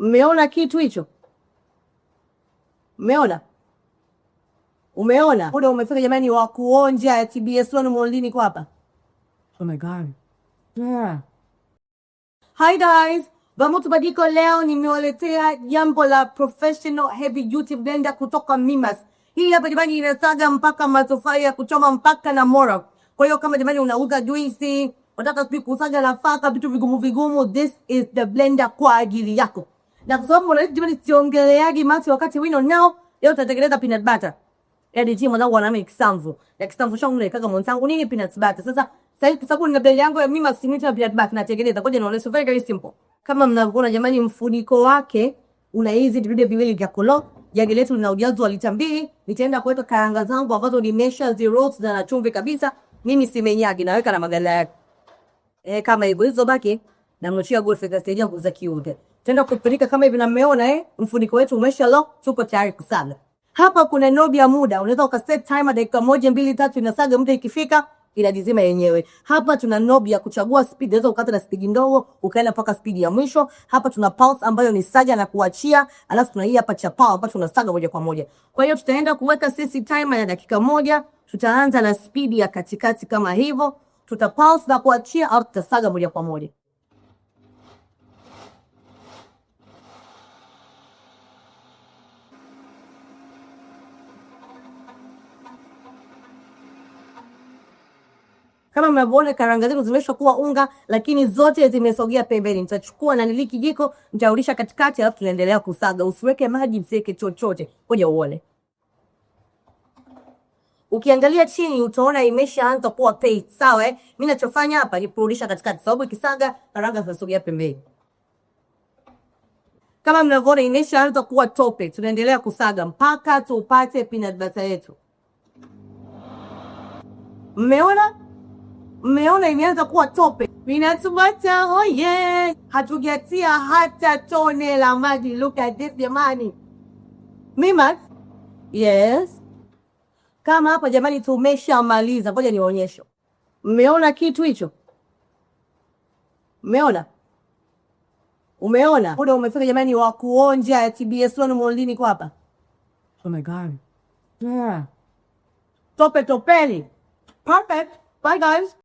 Mmeona kitu hicho? Mmeona? Umeona? Muda umefika jamani wa kuonja ya TBS One lini kwa hapa. Oh my God. Yeah. Hi guys. Bamutu Badiko leo nimewaletea jambo la professional heavy duty blender kutoka Mimas. Hii hapa jamani inasaga mpaka matofali ya kuchoma mpaka na mora. Kwa hiyo kama jamani unauza juisi, unataka kusaga nafaka, vitu vigumu vigumu, this is the blender kwa ajili yako na kwa sababu Monaliti jamani, siongeleagi mati wakati wino nao, leo tutatengeneza peanut butter. Yaani timu mwanangu anami kisamvu. Ya kisamvu shangu ile kaka mwanangu nini peanut butter. Sasa sasa kwa sababu nina bei yangu ya mimi masimiti na peanut butter natengeneza. Ngoja nionyeshe very very simple. Kama mnavyoona jamani, mfuniko wake una hizi vidude viwili vya kolo. Jagi letu lina ujazo wa lita mbili. Nitaenda kuweka karanga zangu ambazo ni mesha zero na chumvi kabisa. Mimi simenyagi, naweka na magala yake. Eh, kama hivyo hizo baki na mnatia golf itasaidia kuza kiude. Tenda kupeleka kama hivi na mmeona eh, mfuniko wetu umesha lock, tuko tayari kusaga. Hapa kuna nobi ya muda, unaweza set timer dakika moja, mbili, tatu inasaga, muda ikifika inajizima yenyewe. Hapa tuna nobi ya kuchagua speed, unaweza ukata na speed ndogo ukaenda mpaka speed ya mwisho. Hapa tuna pulse ambayo ni saga na kuachia, alafu tuna hii hapa cha power ambapo tunasaga moja kwa moja. Kwa hiyo tutaenda kuweka sisi timer ya dakika moja, tutaanza na speed ya katikati kama hivyo, tuta pulse na kuachia au tutasaga moja kwa moja. Kama mnavyoona karanga zetu zimesha kuwa unga, lakini zote zimesogea pembeni. Nitachukua na niliki jiko nitarudisha katikati, alafu tunaendelea kusaga. Usiweke maji, msiweke chochote. Ngoja uone. Ukiangalia chini utaona imeshaanza kuwa pei, sawa eh? Mimi ninachofanya hapa ni kurudisha katikati, sababu ikisaga karanga zinasogea pembeni. Kama mnavyoona imeshaanza kuwa tope, tunaendelea kusaga mpaka tupate peanut butter yetu. Mmeona? Mmeona imeanza kuwa tope, vinatubata oye, oh yeah. Hatujatia hata tone la maji. Look at this jamani, mima yes, kama hapa jamani, tumeshamaliza. Ngoja niwaonyeshe, mmeona kitu hicho? Mmeona, umeona muda umefika jamani wakuonja ya TBS molini kwa hapa. Oh my God. Yeah. Tope topeli Perfect. Bye guys.